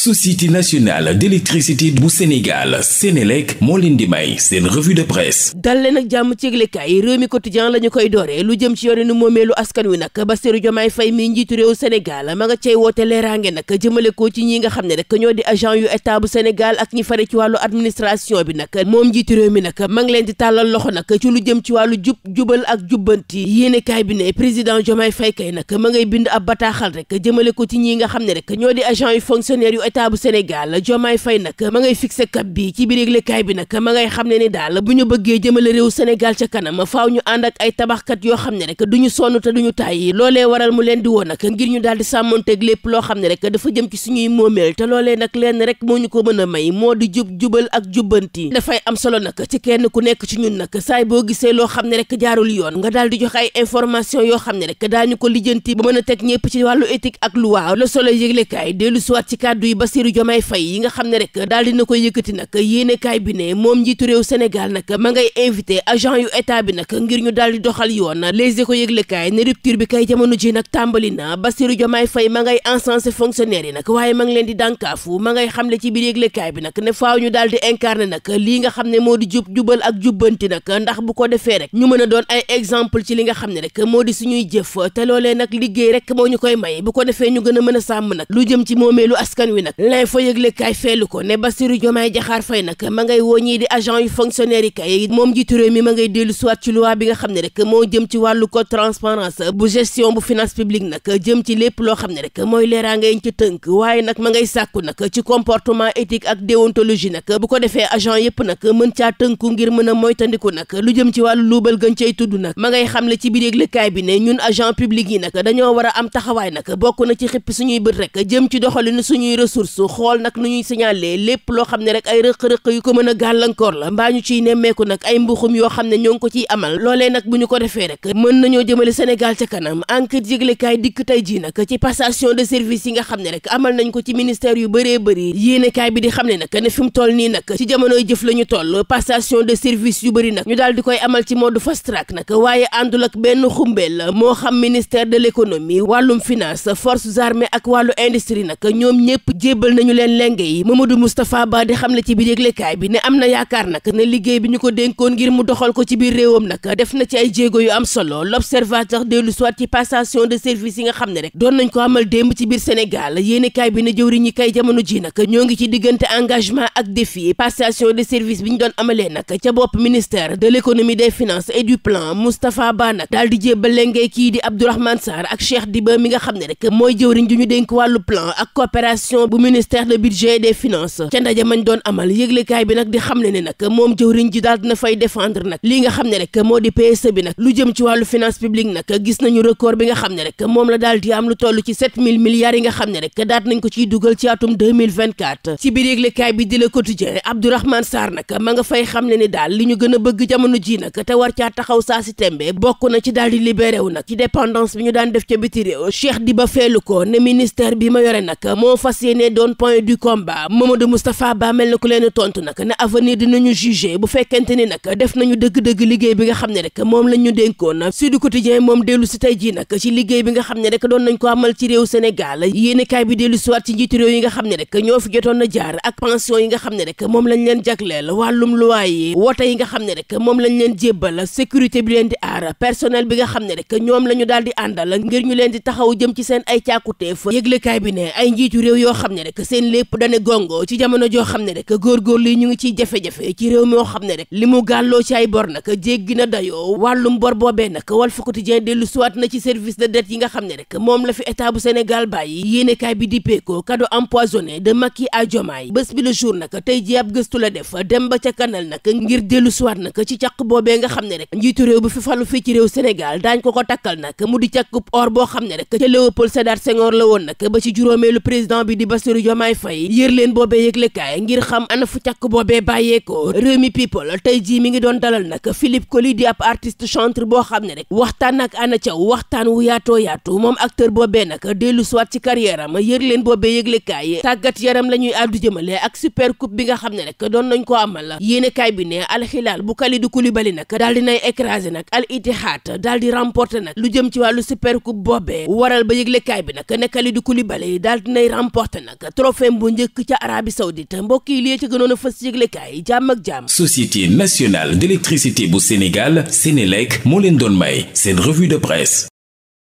société nationale d'électricité bu Sénégal Sénélec moo leen di may seen revue de presse dal jàmm ci réew mi quotidien la ñu koy dooree lu jëm ci réew Sénégal ma nga cay woote leeraange nag jëmale ko ci ñi nga xam ne rek ñoo di agent yu état bu Sénégal ak ñi fare ci wàllu administration bi nag moom njiitu réew mi nag ma ngi leen di tàllal loxo nag ci lu jëm ci wàllu jub jubal ak jubbanti yéenekaay bi ne président Diomaye Faye kay nag ma ngay bind ab bataaxal rek jëmale ko ci ñi nga xam état bu Sénégal Diomaye Faye nag ma ngay fixé cap bi ci biir yëglekaay bi nag ma ngay xam ne ni daal bu ñu bëggee jëmale réew Sénégal ca kanam faaw ñu ànd ak ay tabaxkat yoo xam ne rek te du loo xam ne rek dafa jëm ci suñuy moomeel te loolee nag leen rek moo ñu ko mën a may moo di jub jubal ak jubbanti dafay am solo nag ci kenn ku nekk ci ñun nag saay boo gisee loo xam ne rek jaarul yoon nga daal di joxe ay information yoo xam ne rek daañu ko lijjanti ba mën a teg ñëpp ci wàllu Bassirou Diomaye Faye yi nga xam ne rek daal na koy yëkkati nag yéenekaay bi ne moom njiitu réew Sénégal nag ma ngay invité agent yu état bi nag ngir ñu daal di doxal yoon Les Échos yëglekaay ne rupture bi kay jamono ji nag tàmbali na Bassirou Diomaye Faye ma ngay encensé fonctionnaire yi nag waaye ma leen di dànkaafu ma xam xamle ci biir yëglekaay bi nag ne faaw ñu daal di incarné nag lii nga xam ne moo di jub jubal ak jubbanti nag ndax bu ko defee rek ñu mën a doon ay exemple ci li nga xam ne rek moo di suñuy jëf te loolee nag liggéey rek moo ñu koy may bu ko defee ñu gën mën a sàmm nag lu jëm ci moomeelu askan wi nag nag l'info yëgle kaay feelu ko ne Bassirou Diomaye Diakhar Faye nag ma ngay woo di agent yu fonctionnaire yi kay moom jiitu réew mi ma ngay dellu suwaat ci loi bi nga xam ne rek moo jëm ci wàllu code transparence bu gestion bu finance publique nag jëm ci lépp loo xam ne rek mooy leeraange tënk waaye nag ma ngay sàkku nag ci comportement éthique ak déontologie nag bu ko defee agent yëpp nag mën caa tënku ngir mën a moytandiku nag lu jëm ci wàllu luubal gën cay tudd nag ma ngay xamle ci biir yëglekaay bi ne ñun agent public yi nag dañoo war a am taxawaay nag bokk na ci xippi suñuy bët rek jëm ci doxalinu suñuy ressources source xool nag nu ñuy signaler lépp loo xam ne rek ay rëq-rëq yu ko mën a gàllankoor la mbaa ñu ciy nemmeeku nag ay mbuxum yoo xam ne ñoo ngi ko ciy amal loole nag bu ñu ko defee rek mën nañoo jëmale Sénégal ca kanam enquête yëglekaay dikk tey ji nag ci passation de service yi nga xam ne rek amal nañ ko ci ministère yu bëree bëri yéenekaay bi di xam ne nag ne fi mu toll nii nag ci jamonoy jëf la ñu toll passation de service yu bëri nag ñu daal di koy amal ci mode fast track nag waaye àndul ak benn xumbeel moo xam ministère de l'économie wàllum finance forces armées ak wàllu industrie nag ñoom jébbal nañu leen lenge yi Mamadou Moustapha Ba di xam ne ci biir yëglekaay bi ne am na yaakaar nag ne liggéey bi ñu ko dénkoon ngir mu doxal ko ci biir réewam nag def na ci ay jéego yu am solo l'observateur dellu soit ci passation de service yi nga xam ne rek doon nañ ko amal démb ci biir Sénégal yéenekaay bi ne jëwriñ ñi kay jamono ji nag ñoo ngi ci diggante engagement ak défi passation de service bi ñu doon amalee nag ca bopp ministère d l'économie des finances et du plan Moustapha Ba nag di jébbal lenge kii di mi nga xam ne rek mooy ministère de budget et des finances ca doon amal yëglekaay bi nag di xam ne ne nag moom jëwriñ ji daal dina fay défendre nag li nga xam ne rek e moom la daal am lu toll ci 7000 milliards yi nga xam ne rek daat nañ ko ciy dugal ci atum ci biir yëglekaay bi di Le Quotidien Abdourahmane Sarr nag ma nga fay xam ne ni daal li ñu gën a bëgg jamono ji nag te war caa taxaw saa si tembe bokk na ci daal di nag ci dépendance bi ñu daan def ca lay point du combat Mamadou Moustapha Ba mel na ku leen tontu nag ne avenir dinañu juger bu fekkente ni nag def nañu dëgg-dëgg liggéey bi nga xam ne rek moom lañ ñu dénkoon Sud Quotidien moom dellu si tey jii nag ci liggéey nga xam ne rek doon nañ ko amal réew Sénégal yéenekaay bi dellu siwaat ci njiitu réew yi nga xam ne rek ñoo fi jotoon na jaar ak pension yi nga xam ne rek moom lañ leen jagleel wàllum loi yi wote yi nga xam ne rek moom lañ leen jébbal sécurité bi leen di aar personnel bi nga xam ne rek ñoom la ñu daal di àndal ngir ñu leen di taxaw jëm ci seen ay càkkuteef yëglekaay bi ne ay njiitu réew yoo xam xam ne rek seen lépp dane gongo ci jamono joo xam ne rek góorgóorlu yi ñu ngi ciy jafe-jafe ci réew moo xam ne rek li mu gàlloo ci ay bor nag jéggi na dayoo wàllum bor boobee nag Walf Quotidien dellu suwaat na ci service de dette yi nga xam ne rek moom e tey ji ab gëstu la def dem ba ca kanal nag ngir dellu suwaat nag ci càq boobee nga xam ne rek njiitu réew bi fi falu fii ci réew Sénégal daañ ko ko takkal nag mu di càkkub or boo xam ne rek ca Léopold Sédar Senghor la woon Bassirou Diomaye Faye yër leen boobee yëglekaay ngir xam ana fu càkk boobee bàyyeekoo Rewmi People tey jii mi ngi doon dalal nag Philippe Coly di ab artiste chanteur boo xam ne rek waxtaan ak Anna Thiaw waxtaan wu yaatoo yaatu moom acteur boobee nag dellu siwaat ci carrière am yër leen yëglekaay tàggat yaram la àddu jëmale ak super coupe bi nga xam ne rek doon nañ ko amal yéenekaay bi ne Al Hilal bu Kalidou Koulibaly nag daal di nay écrasé nag Al Ittihad daal di remporté nag trophée bu njëkk ca Arabie Saoudite mbokk yi lii ci gënoon a fës yëglekaay jàmm ak jàmm. Société nationale d'électricité bu Sénégal Sénélec moo leen doon may seen revue de presse.